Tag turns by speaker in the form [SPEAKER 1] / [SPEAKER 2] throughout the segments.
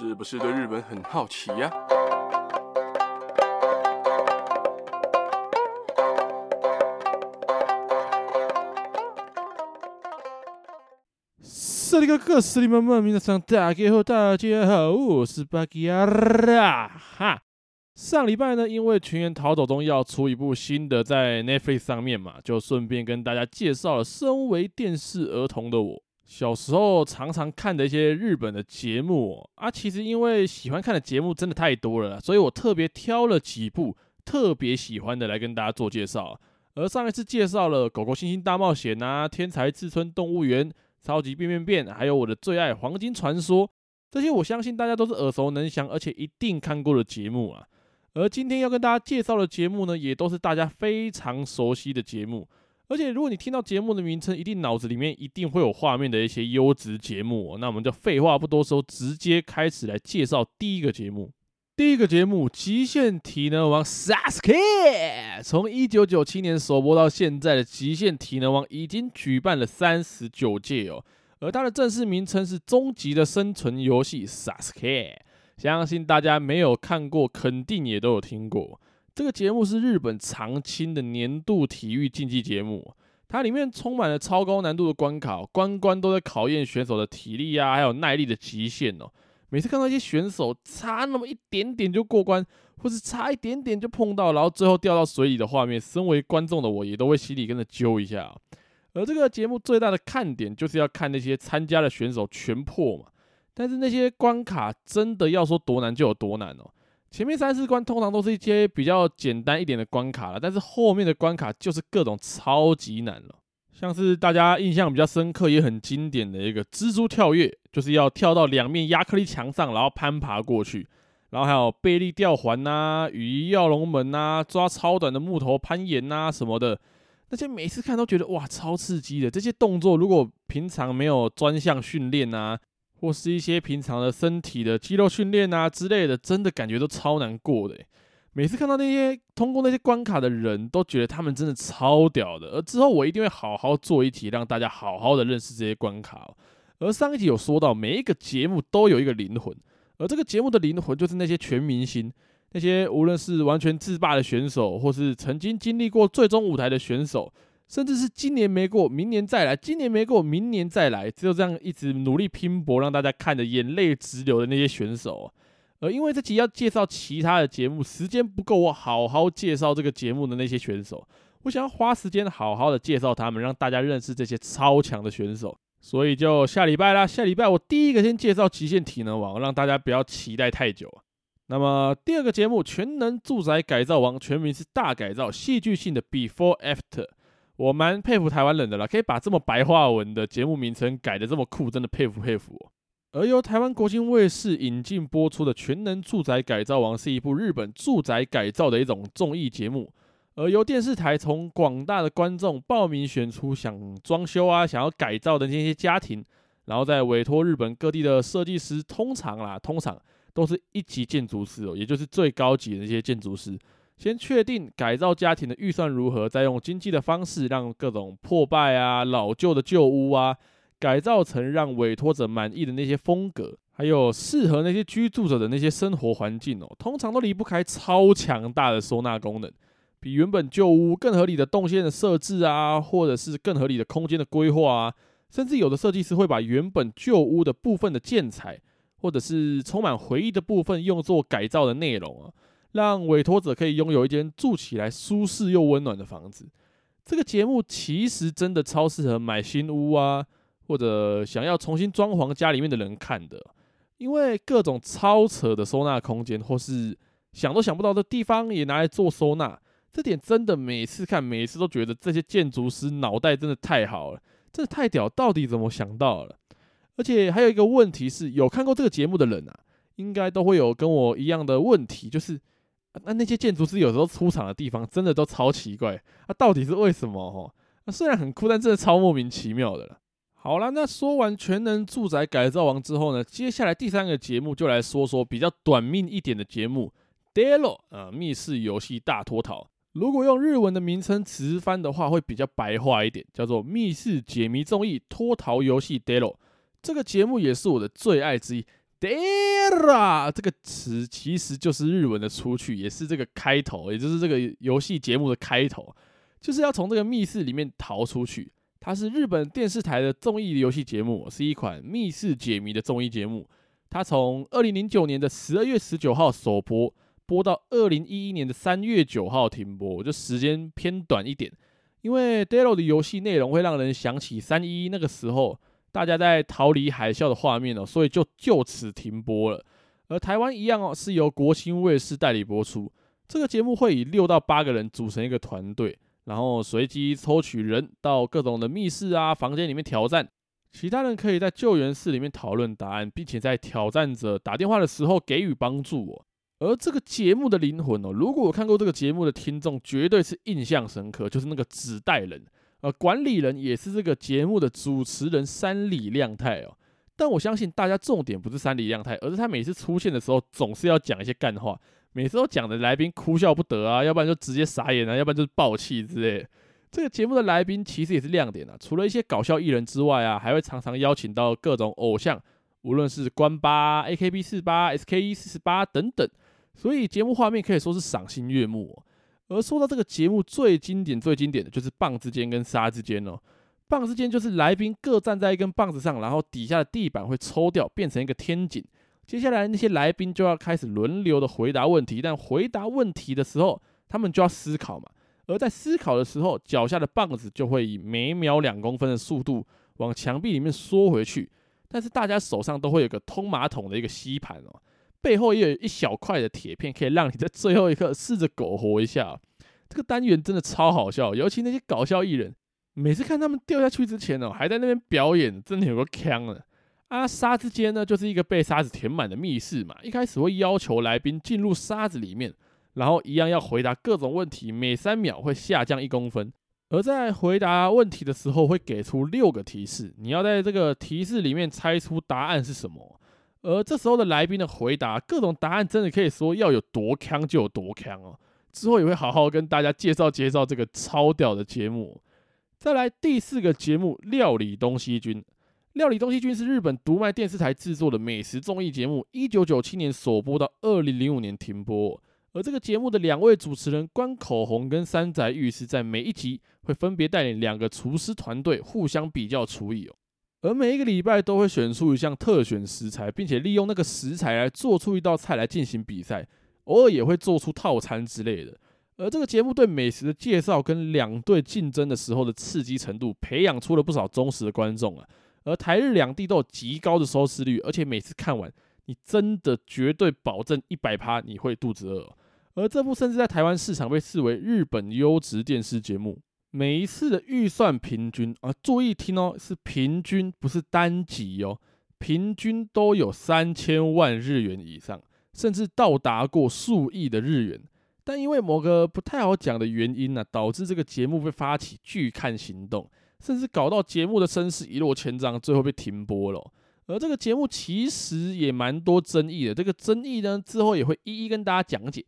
[SPEAKER 1] 是不是對日本很好奇呀？啊？哈我是哈、啊，上禮拜呢，因為《全員逃走中》要出一部新的，在 Netflix 上面嘛，就順便跟大家介紹了《身為電視兒童的我》。小時候常常看的一些日本的節目哦，啊，其實因為喜歡看的節目真的太多了，所以我特別挑了幾部特別喜歡的來跟大家做介紹。而上一次介紹了《狗狗猩猩大冒險》啊，《天才志村動物園》、《超級變變變》，還有我的最愛《黃金傳說》，這些我相信大家都是耳熟能詳，而且一定看過的節目啊。而今天要跟大家介紹的節目呢，也都是大家非常熟悉的節目。而且，如果你聽到節目的名稱，一定腦子裡面一定會有畫面的一些優質節目哦。那我們就廢話不多說，直接開始來介紹第一個節目。第一個節目《極限體能王》Sasuke，從一九九七年首播到現在的《極限體能王》已經舉辦了三十九屆哦。而它的正式名稱是《終極的生存遊戲》Sasuke。相信大家沒有看過，肯定也都有聽過。這個節目是日本常青的年度體育競技節目，它裡面充滿了超高難度的關卡，關關都在考驗選手的體力啊，還有耐力的極限哦。每次看到一些選手差那麼一點點就過關，或是差一點點就碰到，然後最後掉到水裡的畫面，身為觀眾的我也都會心裡跟着揪一下哦。而這個節目最大的看點就是要看那些參加的選手全破嘛，但是那些關卡真的要說多難就有多難哦。前面三四關通常都是一些比較簡單一點的關卡了，但是後面的關卡就是各種超級難了、喔。像是大家印象比較深刻也很經典的一個蜘蛛跳躍，就是要跳到兩面壓克力牆上，然後攀爬過去。然後還有背力吊環吶、啊、魚躍龍門吶、啊、抓超短的木頭攀岩吶、啊、什麼的，那些每次看都覺得哇超刺激的。這些動作如果平常沒有專項訓練啊。或是一些平常的身體的肌肉訓練啊之類的，真的感覺都超難過的欸。每次看到那些通過那些關卡的人都覺得他們真的超屌的。而之後我一定會好好做一集，讓大家好好的認識這些關卡。而上一集有說到，每一個節目都有一個靈魂，而這個節目的靈魂就是那些全明星，那些無論是完全制霸的選手，或是曾經經歷過最終舞台的選手。甚至是今年沒過，明年再來；今年沒過，明年再來。只有這樣一直努力拼搏，讓大家看得眼淚直流的那些選手啊。而因為這集要介紹其他的節目，時間不夠，我好好介紹這個節目的那些選手。我想要花時間好好的介紹他們，讓大家認識這些超強的選手。所以就下禮拜啦，下禮拜我第一個先介紹《極限體能王》，讓大家不要期待太久啊。那麼第二個節目《全能住宅改造王》，全名是《大改造》，戲劇性的 Before After。我蠻佩服台灣人的啦，可以把這麼白話文的節目名稱改得這麼酷，真的佩服佩服哦。而由台灣國興衛視引進播出的《全能住宅改造王》是一部日本住宅改造的一種綜藝節目。而由電視台從廣大的觀眾報名選出想裝修啊、想要改造的那些家庭，然後再委託日本各地的設計師，通常啦，通常都是一級建築師哦，也就是最高級的那些建築師。先確定改造家庭的預算如何，再用經濟的方式讓各種破敗啊、老舊的舊屋啊，改造成讓委託者滿意的那些風格，還有適合那些居住者的那些生活環境哦。通常都離不開超強大的收納功能，比原本舊屋更合理的動線的設置啊，或者是更合理的空間的規劃啊，甚至有的設計師會把原本舊屋的部分的建材，或者是充滿回憶的部分用作改造的內容啊。讓委託者可以擁有一間住起來舒適又溫暖的房子。這個節目其實真的超適合買新屋啊，或者想要重新裝潢家裡面的人看的。因為各種超扯的收納空間，或是想都想不到的地方也拿來做收納，這點真的每次看每次都覺得這些建築師腦袋真的太好了，這太屌，到底怎麼想到了？而且還有一個問題是，有看過這個節目的人啊，應該都會有跟我一樣的問題，就是。那那些建築師有時候出場的地方真的都超奇怪，那、啊、到底是為什麼吼？那、啊、雖然很酷，但真的超莫名其妙的啦。好了，那說完全能住宅改造王之後呢，接下來第三個節目就來說說比較短命一點的節目，Dero 啊密室遊戲大脫逃。如果用日文的名稱詞翻的話，會比較白話一點，叫做密室解謎綜藝脫逃遊戲 Dero。這個節目也是我的最愛之一。Dera 這個詞其實就是日文的“出去”，也是這個開頭，也就是這個遊戲節目的開頭，就是要從這個密室裡面逃出去。它是日本電視台的綜藝遊戲節目，是一款密室解謎的綜藝節目。它從2009年的12月19號首播，播到2011年的3月9號停播，就時間偏短一點。因為 Dera 的遊戲內容會讓人想起311那個時候。大家在逃離海嘯的畫面哦，所以就就此停播了。而台灣一樣哦，是由國興衛視代理播出。這個節目會以六到八個人組成一個團隊，然後隨機抽取人到各種的密室啊、房間裡面挑戰。其他人可以在救援室裡面討論答案，並且在挑戰者打電話的時候給予幫助哦。而這個節目的靈魂哦，如果看過這個節目的聽眾絕對是印象深刻，就是那個紙袋人。呃，管理人也是這個節目的主持人山里亮太哦，但我相信大家重點不是山里亮太，而是他每次出現的時候總是要講一些幹話，每次都講的來賓哭笑不得啊，要不然就直接傻眼啊，要不然就是爆氣之類。這個節目的來賓其實也是亮點啊，除了一些搞笑藝人之外啊，還會常常邀請到各種偶像，無論是關八、AKB 四八、SKE 四十八等等，所以節目畫面可以說是賞心悅目哦。而說到這個節目最經典、最經典的就是棒之間跟沙之間哦。棒之間就是來賓各站在一根棒子上，然後底下的地板會抽掉，變成一個天井。接下來那些來賓就要開始輪流的回答問題，但回答問題的時候，他們就要思考嘛。而在思考的時候，腳下的棒子就會以每秒兩公分的速度往牆壁裡面縮回去，但是大家手上都會有個通馬桶的一個吸盤哦。背後也有一小塊的鐵片，可以讓你在最後一刻試着苟活一下。這個單元真的超好笑，尤其那些搞笑藝人，每次看他們掉下去之前哦，還在那邊表演，真的有個腔啊。阿、啊、沙之間呢，就是一個被沙子填滿的密室嘛。一開始會要求來賓進入沙子裡面，然後一樣要回答各種問題，每三秒會下降一公分。而在回答問題的時候，會給出六個提示，你要在這個提示裡面猜出答案是什麼。而這時候的來賓的回答，各種答案真的可以說，要有多坑就有多坑哦、啊。之後也會好好跟大家介紹介紹這個超屌的節目。再來第四個節目《料理東西軍》，《料理東西軍》是日本讀賣電視台制作的美食綜藝節目，一九九七年首播到二零零五年停播。而這個節目的兩位主持人關口宏跟山宅玉是在每一集會分別帶領兩個廚師團隊互相比較廚藝哦。而每一個禮拜都會選出一項特選食材，並且利用那個食材來做出一道菜來進行比賽，偶爾也會做出套餐之類的。而這個節目對美食的介紹跟兩隊競爭的時候的刺激程度，培養出了不少忠實的觀眾啊。而台日兩地都有極高的收視率，而且每次看完，你真的絕對保證一百趴你會肚子餓。而這部甚至在台灣市場被視為日本優質電視節目。每一次的預算平均啊，注意聽哦，是平均，不是單集哦。平均都有三千萬日元以上，甚至到達過數億的日元。但因為某個不太好講的原因呢、啊，導致這個節目被發起拒看行動，甚至搞到節目的聲勢一落千丈，最後被停播了、哦。而這個節目其實也蠻多爭議的，這個爭議呢之後也會一一跟大家講解。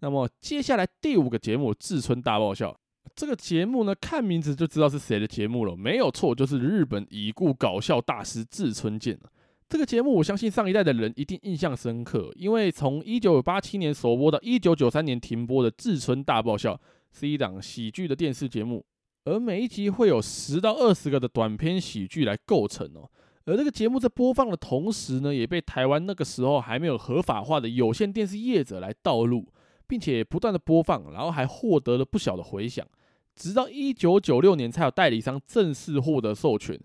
[SPEAKER 1] 那麼接下來第五個節目《志村大爆笑》。這個節目呢，看名字就知道是誰的節目了，沒有錯，就是日本已故搞笑大師志村健啊。這個節目我相信上一代的人一定印象深刻，因為從1987年首播到1993年停播的《志村大爆笑》是一檔喜劇的電視節目，而每一集會有十到二十個的短篇喜劇來構成哦。而這個節目在播放的同時呢，也被台灣那個時候還沒有合法化的有線電視業者來盜錄，並且不斷的播放，然後還獲得了不小的回響。直到一九九六年，才有代理商正式獲得授權，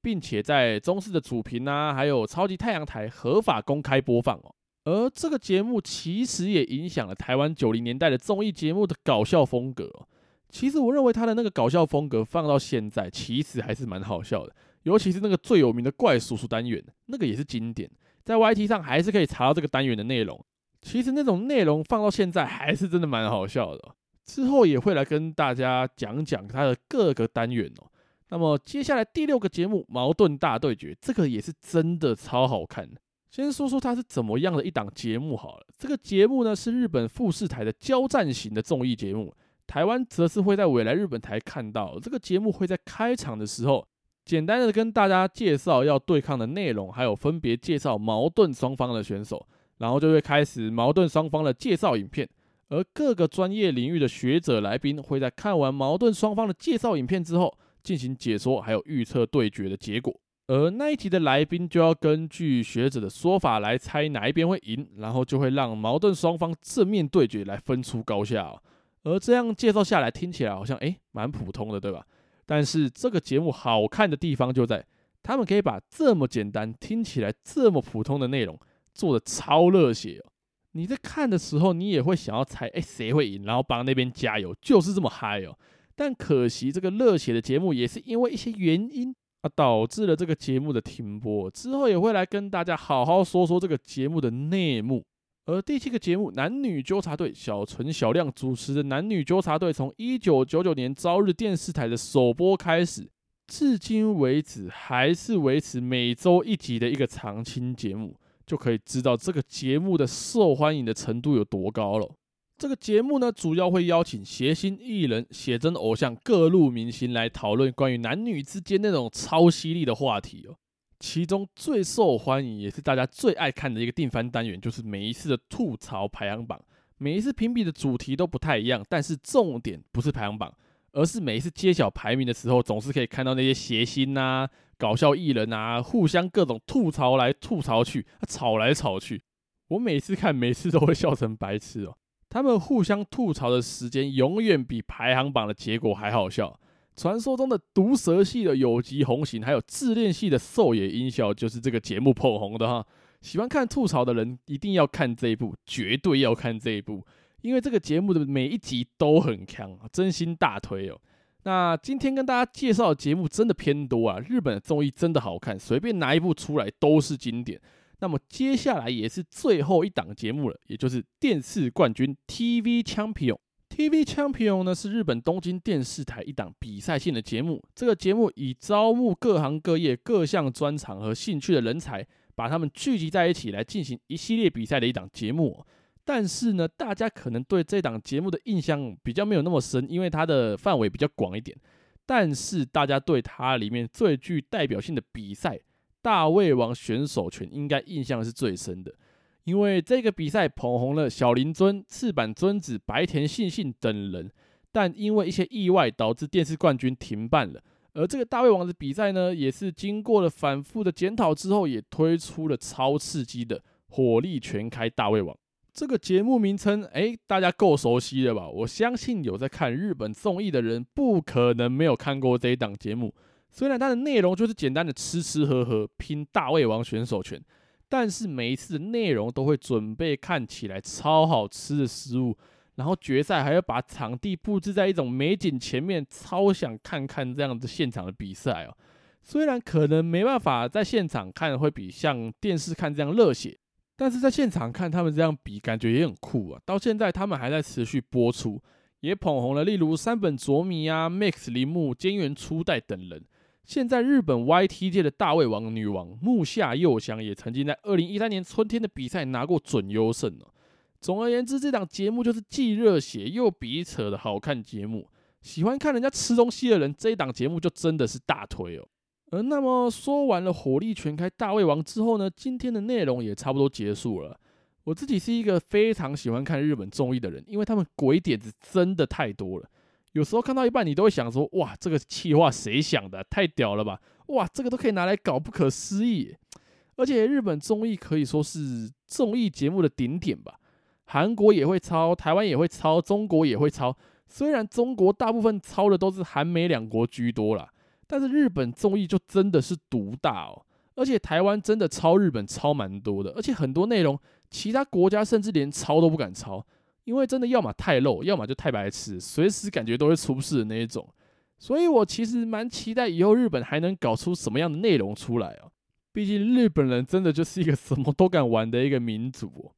[SPEAKER 1] 並且在中視的主頻啊，還有超級太陽台合法公開播放哦。而這個節目其實也影響了台灣九零年代的綜藝節目的搞笑風格哦。其實我認為他的那個搞笑風格放到現在，其實還是蠻好笑的。尤其是那個最有名的怪叔叔單元，那個也是經典，在 YT 上還是可以查到這個單元的內容。其實那種內容放到現在，還是真的蠻好笑的哦。之後也會來跟大家講講它的各個單元哦。那麼接下來第六個節目《矛盾大對決》，這個也是真的超好看的。先說說它是怎麼樣的一檔節目好了。這個節目呢，是日本富士台的交戰型的綜藝節目，台灣則是會在未來日本台看到。這個節目會在開場的時候，簡單的跟大家介紹要對抗的內容，還有分別介紹矛盾雙方的選手，然後就會開始矛盾雙方的介紹影片。而各個專業領域的學者來賓會在看完矛盾雙方的介紹影片之後進行解說，還有預測對決的結果。而那一集的來賓就要根據學者的說法來猜哪一邊會贏，然後就會讓矛盾雙方正面對決來分出高下哦。而這樣介紹下來，聽起來好像哎蠻普通的，對吧？但是這個節目好看的地方就在他們可以把這麼簡單，聽起來這麼普通的內容做得超熱血哦。你在看的時候，你也會想要猜，哎，誰會贏，然後幫那邊加油，就是這麼嗨哦。但可惜，這個熱血的節目也是因為一些原因啊，導致了這個節目的停播。之後也會來跟大家好好說說這個節目的內幕。而第七個節目《男女糾察隊》，小淳、小亮主持的《男女糾察隊》，從一九九九年朝日電視台的首播開始，至今為止還是維持每周一集的一個長青節目。就可以知道這個節目的受歡迎的程度有多高了。這個節目呢，主要會邀請諧星、藝人、寫真偶像、各路明星來討論關於男女之間那種超犀利的話題哦。其中最受歡迎也是大家最愛看的一個定番單元，就是每一次的吐槽排行榜。每一次評比的主題都不太一樣，但是重點不是排行榜，而是每一次揭曉排名的時候，總是可以看到那些諧星吶、啊。搞笑藝人啊，互相各種吐槽來吐槽去，啊，吵來吵去。我每次看，每次都會笑成白痴哦。他們互相吐槽的時間，永遠比排行榜的結果還好笑。傳說中的毒舌系的有吉弘行，還有自戀系的狩野英孝，就是這個節目捧紅的哈。喜歡看吐槽的人，一定要看這一部，絕對要看這一部，因為這個節目的每一集都很強，啊，真心大推哦。那今天跟大家介紹的節目真的偏多啊，日本的綜藝真的好看，隨便拿一部出來都是經典。那麼接下來也是最後一檔節目了，也就是電視冠軍 TV Champion。TV Champion 呢是日本東京電視台一檔比賽性的節目，這個節目以招募各行各業、各項專長和興趣的人才，把他們聚集在一起，來進行一系列比賽的一檔節目。但是呢，大家可能對這檔節目的印象比較沒有那麼深，因為它的範圍比較廣一點。但是大家對它裡面最具代表性的比賽——大胃王選手權應該印象是最深的。因為這個比賽捧紅了小林尊、赤坂尊子、白田信幸等人。但因為一些意外，導致電視冠軍停辦了。而這個大胃王的比賽呢，也是經過了反覆的檢討之後，也推出了超刺激的火力全開大胃王。這個節目名稱，誒，大家夠熟悉了吧？我相信有在看日本綜藝的人，不可能沒有看過這一檔節目。雖然它的內容就是簡單的吃吃喝喝、拼大胃王選手權，但是每一次的內容都會準備看起來超好吃的食物，然後決賽還要把場地佈置在一種美景前面，超想看看這樣的現場的比賽哦。雖然可能沒辦法在現場看，會比像電視看這樣熱血。但是在現場看他們這樣比，感覺也很酷啊！到現在他們還在持續播出，也捧紅了，例如山本佐彌啊、MAX 鈴木、菅原初代等人。現在日本 Y T 界的大胃王女王木下佑香也曾經在二零一三年春天的比賽拿過準優勝啊。總而言之，這檔節目就是既熱血又比扯的好看節目。喜歡看人家吃東西的人，這一檔節目就真的是大推哦。呃，那麼說完了火力全開大胃王之後呢，今天的內容也差不多結束了。我自己是一個非常喜歡看日本綜藝的人，因為他們鬼點子真的太多了。有時候看到一半，你都會想說：“哇，這個企劃誰想的啊？太屌了吧！”哇，這個都可以拿來搞不可思議欸。而且日本綜藝可以說是綜藝節目的頂點吧。韓國也會抄，台灣也會抄，中國也會抄。雖然中國大部分抄的都是韓美兩國居多啦。但是日本綜藝就真的是獨大哦，而且台灣真的抄日本抄蠻多的，而且很多內容其他國家甚至連抄都不敢抄，因為真的要麼太肉，要麼就太白痴，隨時感覺都會出事的那一種。所以，我其實蠻期待以後日本還能搞出什麼樣的內容出來哦。畢竟日本人真的就是一個什麼都敢玩的一個民族哦。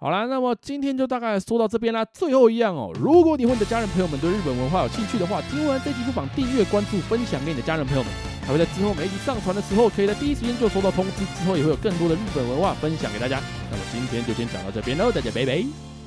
[SPEAKER 1] 好啦，那麼今天就大概說到這邊啦。最後一樣哦，如果你和你的家人朋友們對日本文化有興趣的話，聽完這集不妨訂閱、關注、分享給你的家人朋友們，還會在之後每一集上傳的時候，可以在第一時間就收到通知。之後也會有更多的日本文化分享給大家。那麼今天就先講到這邊嘍，大家拜拜。